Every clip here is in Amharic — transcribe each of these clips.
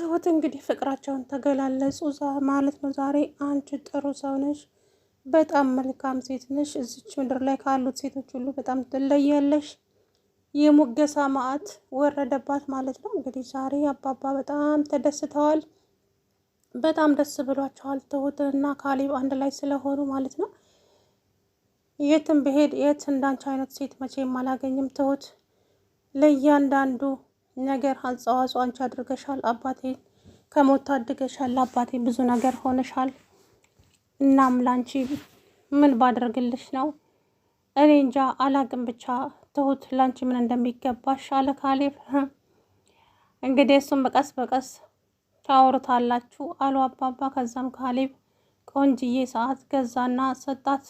ትሁት እንግዲህ ፍቅራቸውን ተገላለጹ ማለት ነው። ዛሬ አንቺ ጥሩ ሰው ነሽ፣ በጣም መልካም ሴት ነሽ፣ እዚች ምድር ላይ ካሉት ሴቶች ሁሉ በጣም ትለያለሽ። የሙገሳ ማዕት ወረደባት ማለት ነው። እንግዲህ ዛሬ አባባ በጣም ተደስተዋል፣ በጣም ደስ ብሏቸዋል። ትሁት እና ካሌብ አንድ ላይ ስለሆኑ ማለት ነው። የትም ብሄድ የት እንዳንቺ አይነት ሴት መቼም አላገኝም ትሁት ለእያንዳንዱ ነገር አስተዋጽኦ አንቺ አድርገሻል። አባቴን ከሞት ታድገሻል። አባቴ ብዙ ነገር ሆነሻል። እናም ላንቺ ምን ባደርግልሽ ነው? እኔ እንጃ አላቅም። ብቻ ትሁት ላንቺ ምን እንደሚገባሽ አለ ካሌብ። እንግዲህ እሱም በቀስ በቀስ ታወሩታላችሁ አሉ አባባ። ከዛም ካሌብ ቆንጅዬ ሰዓት ገዛና ሰጣት።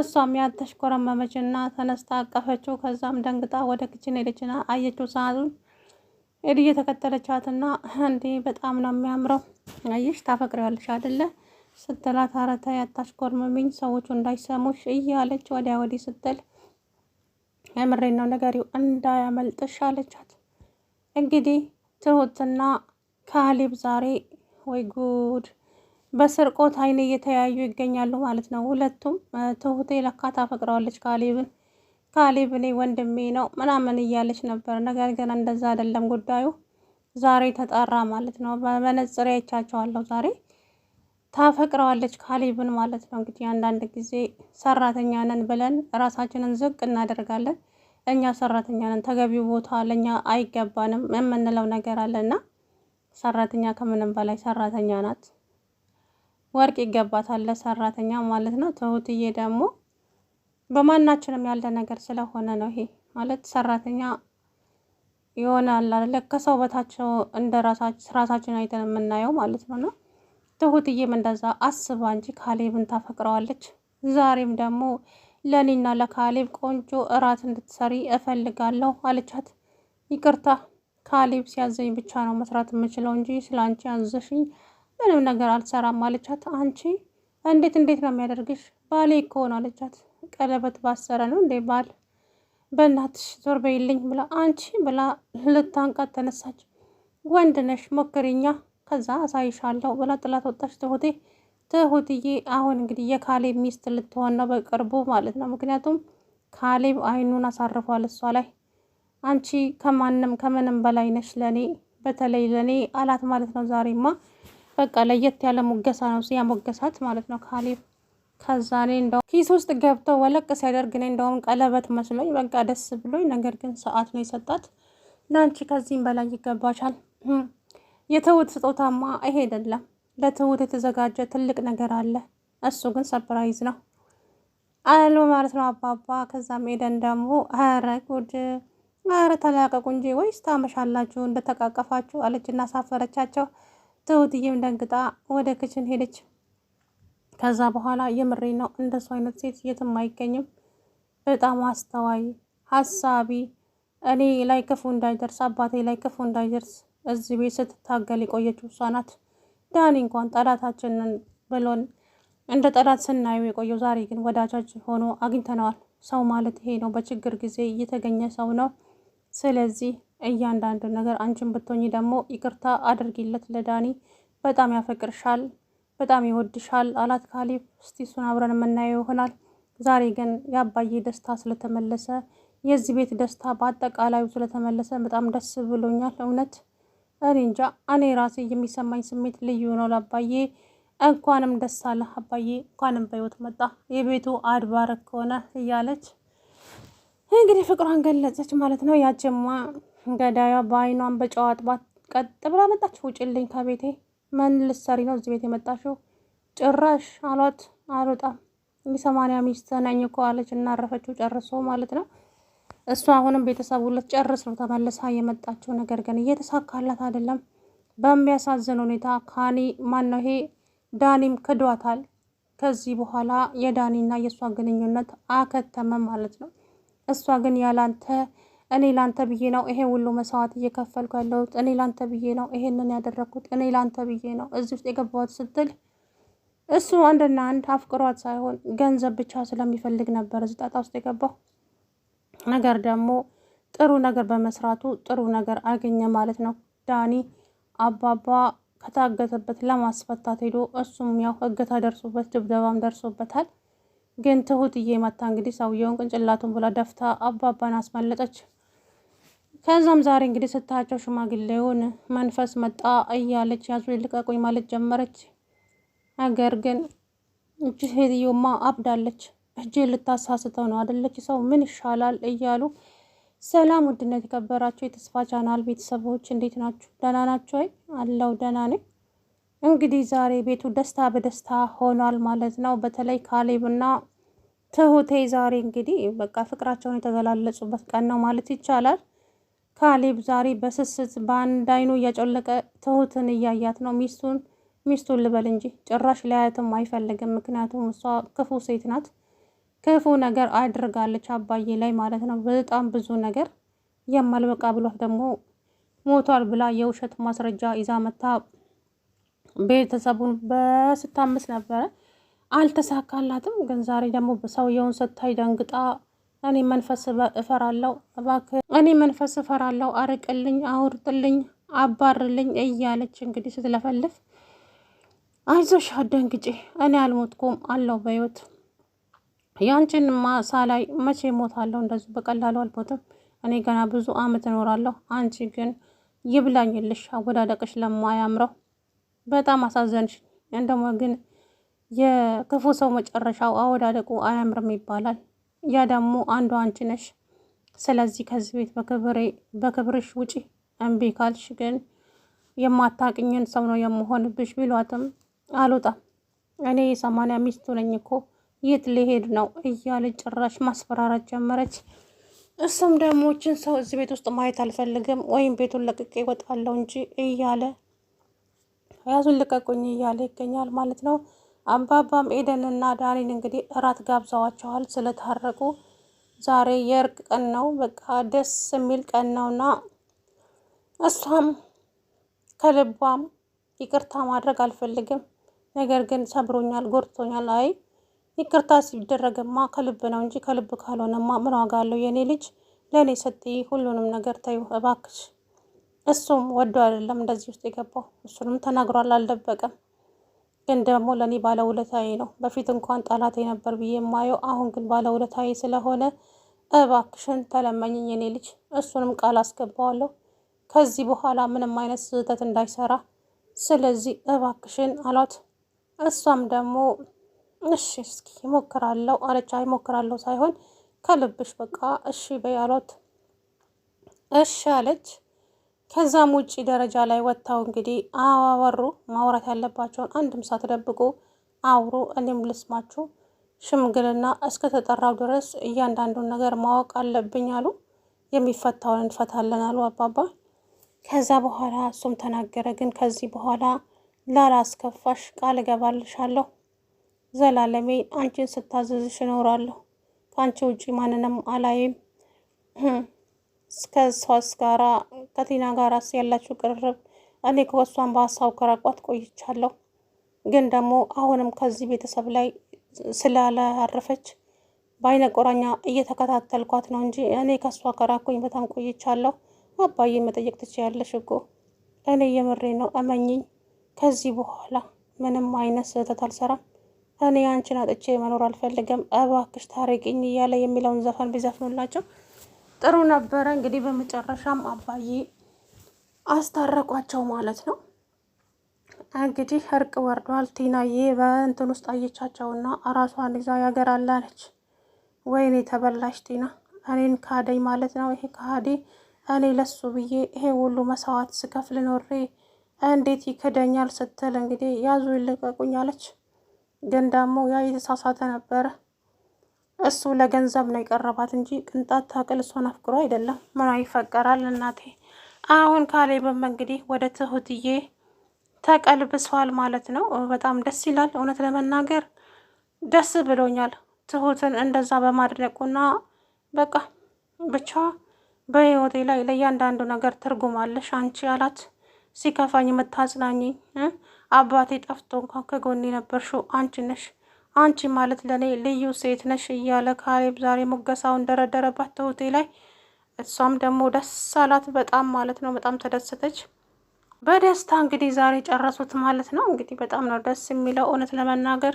እሷም ያተሽኮረመመች እና ተነስታ አቀፈችው። ከዛም ደንግጣ ወደ ክችን ሄደችና አየችው ሰዓቱን። ኤድ እየተከተለቻትና እንዴ በጣም ነው የሚያምረው፣ አየሽ ታፈቅሪዋለሽ አይደለ ስትላት፣ ኧረ ተይ አታሽኮርምሚኝ፣ ሰዎቹ እንዳይሰሙሽ እያለች ወዲያ ወዲህ ስትል የምሬን ነው ነገሪው እንዳያመልጥሽ አለቻት። እንግዲህ ትሁትና ካሊብ ዛሬ ወይ ጉድ በስርቆት አይን እየተያዩ ይገኛሉ ማለት ነው። ሁለቱም ትሁቴ ለካ ታፈቅረዋለች ካሌብን ካሌብ እኔ ወንድሜ ነው ምናምን እያለች ነበር። ነገር ግን እንደዛ አይደለም ጉዳዩ ዛሬ ተጣራ ማለት ነው። በመነጽር አይቻቸዋለሁ ዛሬ ታፈቅረዋለች ካሌብን ማለት ነው። እንግዲህ አንዳንድ ጊዜ ሰራተኛ ነን ብለን ራሳችንን ዝቅ እናደርጋለን። እኛ ሰራተኛ ነን፣ ተገቢው ቦታ ለእኛ አይገባንም የምንለው ነገር አለና ሰራተኛ ከምንም በላይ ሰራተኛ ናት። ወርቅ ይገባታል ለሰራተኛ ማለት ነው። ትሁትዬ ደግሞ በማናችንም ያለ ነገር ስለሆነ ነው ይሄ ማለት ሰራተኛ ይሆናል አለ ከሰው በታቸው እንደ ራሳችን አይተን የምናየው ማለት ነው። እና ትሁትዬም እንደዛ አስባ እንጂ ካሌብን ታፈቅረዋለች። ዛሬም ደግሞ ለእኔና ለካሌብ ቆንጆ እራት እንድትሰሪ እፈልጋለሁ አለቻት። ይቅርታ ካሌብ ሲያዘኝ ብቻ ነው መስራት የምችለው እንጂ ስለ አንቺ ምንም ነገር አልሰራም አለቻት። አንቺ እንዴት እንዴት ነው የሚያደርግሽ? ባሌ እኮ ነው አለቻት። ቀለበት ባሰረ ነው እንዴ ባል? በእናትሽ ዞር በይልኝ ብላ አንቺ ብላ ልታንቃት ተነሳች። ወንድ ነሽ ሞክሪኛ፣ ከዛ አሳይሻለሁ ብላ ጥላት ወጣች። ትሁቴ ትሁትዬ አሁን እንግዲህ የካሌብ ሚስት ልትሆን ነው በቅርቡ ማለት ነው። ምክንያቱም ካሌብ አይኑን አሳርፏል እሷ ላይ። አንቺ ከማንም ከምንም በላይ ነሽ ለእኔ፣ በተለይ ለእኔ አላት ማለት ነው ዛሬማ በቃ ለየት ያለ ሞገሳ ነው ያሞገሳት ማለት ነው ካሌብ። ከዛ እኔ እንደውም ኪስ ውስጥ ገብተው ወለቅ ሲያደርግ እኔ እንደውም ቀለበት መስሎኝ በቃ ደስ ብሎኝ፣ ነገር ግን ሰዓት ነው የሰጣት ለአንቺ ከዚህም በላይ ይገባሻል። የትሁት ስጦታማ ይሄ አይደለም። ለትሁት የተዘጋጀ ትልቅ ነገር አለ። እሱ ግን ሰርፕራይዝ ነው አሉ ማለት ነው አባባ። ከዛም ሄደን ደግሞ ኧረ ጉድ ኧረ ተላቀቁ እንጂ ወይስ ታመሻላችሁ እንደተቃቀፋችሁ አለች እና ሳፈረቻቸው። ትሁትዬም ደንግጣ ወደ ክችን ሄደች። ከዛ በኋላ የምሬ ነው እንደሱ አይነት ሴት የትም አይገኝም። በጣም አስተዋይ ሀሳቢ፣ እኔ ላይ ክፉ እንዳይደርስ አባቴ ላይ ክፉ እንዳይደርስ እዚህ ቤት ስትታገል የቆየችው እሷ ናት። ዳኒ እንኳን ጠላታችንን ብሎን እንደ ጠላት ስናየው የቆየው ዛሬ ግን ወዳጃችን ሆኖ አግኝተነዋል። ሰው ማለት ይሄ ነው። በችግር ጊዜ እየተገኘ ሰው ነው። ስለዚህ እያንዳንዱ ነገር አንቺን ብትሆኝ ደግሞ ይቅርታ አድርጊለት ለዳኒ በጣም ያፈቅርሻል፣ በጣም ይወድሻል አላት ካሌብ። እስቲ እሱን አብረን የምናየው ይሆናል። ዛሬ ግን የአባዬ ደስታ ስለተመለሰ የዚህ ቤት ደስታ በአጠቃላዩ ስለተመለሰ በጣም ደስ ብሎኛል። እውነት እኔ እንጃ፣ እኔ ራሴ የሚሰማኝ ስሜት ልዩ ነው ለአባዬ። እንኳንም ደስ አለ አባዬ፣ እንኳንም በህይወት መጣ፣ የቤቱ አድባረ ከሆነ እያለች እንግዲህ ፍቅሯን ገለጸች ማለት ነው ያጀማ ገዳያ በአይኗን በጨው አጥባት ቀጥ ብላ መጣች። ውጭልኝ ከቤቴ ምን ልትሰሪ ነው እዚህ ቤት የመጣሽው? ጭራሽ አሏት። አልወጣም የሰማንያ ሚስት ነኝ እኮ አለች እናረፈችው ጨርሶ ማለት ነው እሷ አሁንም ቤተሰቡ ልትጨርስ ነው ተመልሳ የመጣችው። ነገር ግን እየተሳካላት አይደለም። በሚያሳዝን ሁኔታ ካኒ ማነው ይሄ ዳኒም ክዷታል። ከዚህ በኋላ የዳኒና የእሷ ግንኙነት አከተመ ማለት ነው። እሷ ግን ያላንተ እኔ ላንተ ብዬ ነው ይሄ ሁሉ መስዋዕት እየከፈልኩ ያለሁት፣ እኔ ላንተ ብዬ ነው ይሄንን ያደረግኩት፣ እኔ ላንተ ብዬ ነው እዚህ ውስጥ የገባሁት ስትል እሱ አንድና አንድ አፍቅሯት ሳይሆን ገንዘብ ብቻ ስለሚፈልግ ነበር እዚህ ጣጣ ውስጥ የገባው። ነገር ደግሞ ጥሩ ነገር በመስራቱ ጥሩ ነገር አገኘ ማለት ነው። ዳኒ አባባ ከታገተበት ለማስፈታት ሄዶ እሱም ያው እገታ ደርሶበት ድብደባም ደርሶበታል። ግን ትሁትዬ መታ እንግዲህ ሰውየውን ቅንጭላቱን ብላ ደፍታ አባባን አስመለጠች። ከዛም ዛሬ እንግዲህ ስታያቸው ሽማግሌውን መንፈስ መጣ እያለች ያዙ ልቀቁኝ ማለት ጀመረች። ነገር ግን እጅ ሴትዮማ አብዳለች፣ እጅ ልታሳስተው ነው አደለች፣ ሰው ምን ይሻላል እያሉ ሰላም ውድነት የከበራቸው የተስፋ ቻናል ቤተሰቦች እንዴት ናችሁ? ደህና ናችሁ ወይ? አለው ደህና ነኝ። እንግዲህ ዛሬ ቤቱ ደስታ በደስታ ሆኗል ማለት ነው። በተለይ ካሌብና ትሁቴ ዛሬ እንግዲህ በቃ ፍቅራቸውን የተገላለጹበት ቀን ነው ማለት ይቻላል። ካሌብ ዛሬ በስስት በአንድ አይኑ እያጨለቀ ትሁትን እያያት ነው። ሚስቱን ሚስቱን ልበል እንጂ ጭራሽ ሊያያትም አይፈልግም። ምክንያቱም እሷ ክፉ ሴት ናት። ክፉ ነገር አድርጋለች አባዬ ላይ ማለት ነው። በጣም ብዙ ነገር የማልበቃ ብሏት ደግሞ ሞቷል ብላ የውሸት ማስረጃ ይዛ መታ ቤተሰቡን በስታምስ ነበረ፣ አልተሳካላትም። ግን ዛሬ ደግሞ ሰውየውን ስታይ ደንግጣ እኔ መንፈስ እፈራለሁ፣ እባክህ እኔ መንፈስ እፈራለሁ፣ አርቅልኝ፣ አውርጥልኝ፣ አባርልኝ እያለች እንግዲህ ስትለፈልፍ፣ አይዞሽ፣ አደንግጬ እኔ አልሞትኩም አለው በህይወት ያንቺንማ ላይ መቼ ሞታለሁ? እንደዚሁ በቀላሉ አልሞትም። እኔ ገና ብዙ አመት እኖራለሁ። አንቺ ግን ይብላኝልሽ፣ አወዳደቅሽ ለማያምረው በጣም አሳዘንሽ። እንደሞ ግን የክፉ ሰው መጨረሻው አወዳደቁ አያምርም ይባላል። ያ ደግሞ አንዱ አንቺ ነሽ። ስለዚህ ከዚህ ቤት በክብርሽ ውጪ። እምቢ ካልሽ ግን የማታቅኝን ሰው ነው የምሆንብሽ ቢሏትም አልወጣም እኔ የሰማንያ ሚስቱ ነኝ እኮ የት ሊሄድ ነው እያለች ጭራሽ ማስፈራራት ጀመረች። እሱም ደግሞ ይችን ሰው እዚህ ቤት ውስጥ ማየት አልፈልግም ወይም ቤቱን ለቅቄ ይወጣለው እንጂ እያለ ያዙን ልቀቁኝ እያለ ይገኛል ማለት ነው። አባባም ኤደን እና ዳኒን እንግዲህ እራት ጋብዘዋቸዋል። ስለታረቁ ዛሬ የእርቅ ቀን ነው። በቃ ደስ የሚል ቀን ነውና እሷም ከልቧም ይቅርታ ማድረግ አልፈልግም፣ ነገር ግን ሰብሮኛል፣ ጎድቶኛል። አይ ይቅርታ ሲደረግማ ከልብ ነው እንጂ ከልብ ካልሆነማ ምን ዋጋ አለው? የእኔ ልጅ ለእኔ ስትይ ሁሉንም ነገር ተይው እባክሽ። እሱም ወዶ አይደለም እንደዚህ ውስጥ የገባው እሱንም ተናግሯል፣ አልደበቀም። ግን ደግሞ ለእኔ ባለውለታዬ ነው። በፊት እንኳን ጠላቴ ነበር ብዬ የማየው አሁን ግን ባለውለታዬ ስለሆነ እባክሽን ተለመኝኝ የኔ ልጅ። እሱንም ቃል አስገባዋለሁ ከዚህ በኋላ ምንም አይነት ስህተት እንዳይሰራ፣ ስለዚህ እባክሽን አሏት። እሷም ደግሞ እሺ እስኪ ሞክራለሁ አለች። አይ ሳይሆን ከልብሽ በቃ እሺ በይ አሏት። እሺ አለች። ከዛም ውጭ ደረጃ ላይ ወጥተው እንግዲህ አወሩ። ማውራት ያለባቸውን አንድም ሳትደብቁ አውሩ፣ እኔም ልስማችሁ፣ ሽምግልና እስከተጠራው ድረስ እያንዳንዱን ነገር ማወቅ አለብኝ አሉ። የሚፈታውን እንፈታለን አሉ አባባ። ከዛ በኋላ እሱም ተናገረ። ግን ከዚህ በኋላ ላላስከፋሽ ቃል እገባልሻለሁ፣ ዘላለሜ አንቺን ስታዘዝሽ እኖራለሁ፣ ከአንቺ ውጪ ማንንም አላይም ከሷስ ጋራ ከቲና ጋራስ ያላችሁ ቅርርብ እኔ ከወሷን በሀሳብ ከራቋት ቆይቻለሁ። ግን ደግሞ አሁንም ከዚህ ቤተሰብ ላይ ስላላረፈች በአይነ ቆራኛ እየተከታተልኳት ነው እንጂ እኔ ከሷ ከራኩኝ በጣም ቆይቻለሁ። አባዬ መጠየቅ ትችያለሽ እኮ እኔ የምሬ ነው፣ እመኝኝ። ከዚህ በኋላ ምንም አይነት ስህተት አልሰራም። እኔ አንቺን አጥቼ መኖር አልፈልግም፣ እባክሽ ታረቂኝ እያለ የሚለውን ዘፈን ቢዘፍኑላቸው ጥሩ ነበረ። እንግዲህ በመጨረሻም አባዬ አስታረቋቸው ማለት ነው። እንግዲህ እርቅ ወርዷል። ቲናዬ በእንትን ውስጥ አየቻቸውና ራሷን ይዛ ያገር አላለች። ወይኔ ተበላሽ ቲና፣ እኔን ካደኝ ማለት ነው። ይሄ ካሃዴ እኔ ለሱ ብዬ ይሄ ሁሉ መስዋዕት ስከፍል ኖሬ እንዴት ይክደኛል ስትል እንግዲህ ያዙ ይልቀቁኝ አለች። ግን ደግሞ ያ የተሳሳተ ነበረ። እሱ ለገንዘብ ነው የቀረባት እንጂ ቅንጣት ታቅል እሷን አፍቅሮ አይደለም። ምኗ ይፈቀራል እናቴ። አሁን ካሌብም እንግዲህ ወደ ትሁትዬ ተቀልብሷል ማለት ነው። በጣም ደስ ይላል። እውነት ለመናገር ደስ ብሎኛል ትሁትን እንደዛ በማድነቁና በቃ ብቻ በህይወቴ ላይ ለእያንዳንዱ ነገር ትርጉም አለሽ አንቺ አላት። ሲከፋኝ የምታጽናኝ አባቴ ጠፍቶ እንኳን ከጎኔ ነበርሽው አንቺ ነሽ አንቺ ማለት ለእኔ ልዩ ሴት ነሽ እያለ ካሌብ ዛሬ ሙገሳውን ደረደረባት ትሁቴ ላይ። እሷም ደግሞ ደስ አላት በጣም ማለት ነው። በጣም ተደሰተች። በደስታ እንግዲህ ዛሬ ጨረሱት ማለት ነው። እንግዲህ በጣም ነው ደስ የሚለው እውነት ለመናገር